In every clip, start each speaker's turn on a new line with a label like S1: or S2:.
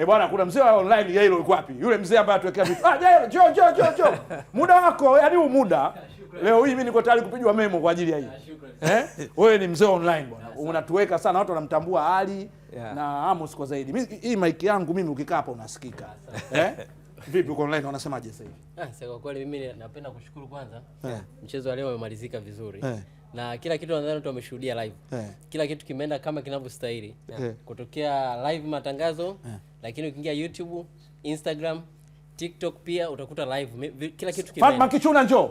S1: eh bwana, kuna mzee wa online Jailo yuko wapi? Yule mzee ambaye atuwekea vitu. Ah, Jailo, njoo njoo njoo jo. Muda wako, yani huu muda. Leo hii mimi niko tayari kupigwa memo kwa ajili ya hii. Ah, eh? Wewe ni mzee online bwana. Unatuweka sana, watu wanamtambua hali yeah. na Amos kwa zaidi. Mimi hii mic yangu mimi ukikaa hapa unasikika. Eh? Vipi uko online unasemaje sasa hivi?
S2: Ah, sasa kwa kweli mimi napenda kushukuru kwanza. Yeah. Mchezo wa leo umemalizika vizuri. Yeah na kila kitu nadhani watu wameshuhudia live yeah. Kila kitu kimeenda kama kinavyostahili yeah. Kutokea live matangazo yeah lakini ukiingia YouTube, Instagram, TikTok pia utakuta live kila kitu
S1: kimeenda. Fatma Kichuna njoo.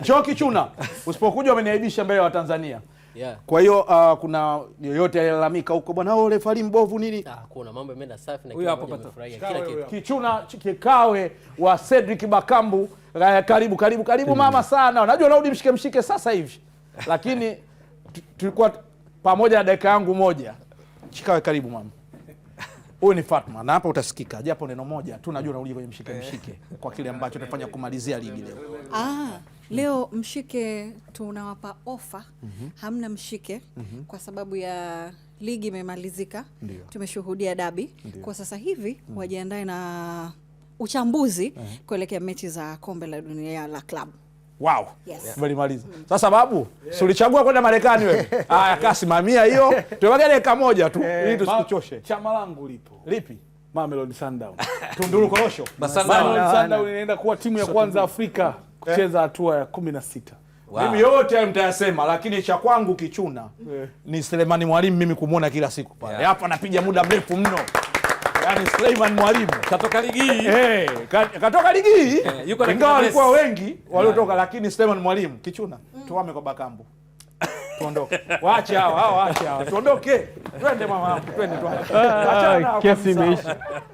S1: Njoo Kichuna. Usipokuja umeniaibisha mbele ya Watanzania. Yeah. Kwa hiyo uh, kuna yoyote alilalamika huko bwana wao refari mbovu nini? Ah,
S2: kuna mambo yameenda safi na
S1: kila mmoja kila kitu. Kichuna kikawe wa Cedric Bakambu eh, karibu karibu karibu mm. Mama sana. Unajua rudi mshike mshike sasa hivi. Lakini tulikuwa pamoja na dakika yangu moja. chikawe karibu mama. Huyu ni Fatma na hapa utasikika japo neno moja tu, najua unarudi eh. kwenye mshike eh. mshike kwa kile ambacho eh. tunafanya kumalizia ligi leo.
S3: Ah, mm-hmm. leo mshike tunawapa ofa mm-hmm. hamna mshike mm-hmm. kwa sababu ya ligi imemalizika, tumeshuhudia dabi. Kwa sasa hivi wajiandae na uchambuzi kuelekea mechi za kombe la dunia la klabu
S1: yeah. walimaliza. yes. Mm. Sasa babu, yeah. sulichagua kwenda Marekani wewe. Haya, ah, kasimamia hiyo, tuweke moja tu eh, ili tusichoshe.
S4: Chama langu lipo
S1: lipi? Mamelodi Sundowns, Tunduru Korosho. Mamelodi Sundowns inaenda kuwa timu ya kwanza Afrika eh? kucheza hatua ya kumi na sita. Wow. Mimi yote mtayasema, lakini cha kwangu kichuna yeah. ni Selemani Mwalimu, mimi kumwona kila siku pale hapa yeah. napiga muda mrefu mno yani Suleiman Mwalimu
S4: katoka ligi hii
S1: hey, eh, katoka ligi hii eh, yuko ingawa walikuwa wengi eh. waliotoka yeah. Lakini Suleiman Mwalimu kichuna mm. Tuame kwa Bakambu tuondoke, waache hao hao, waache hao tuondoke, twende mama, twende, tuache, ah,
S5: kesi imeisha.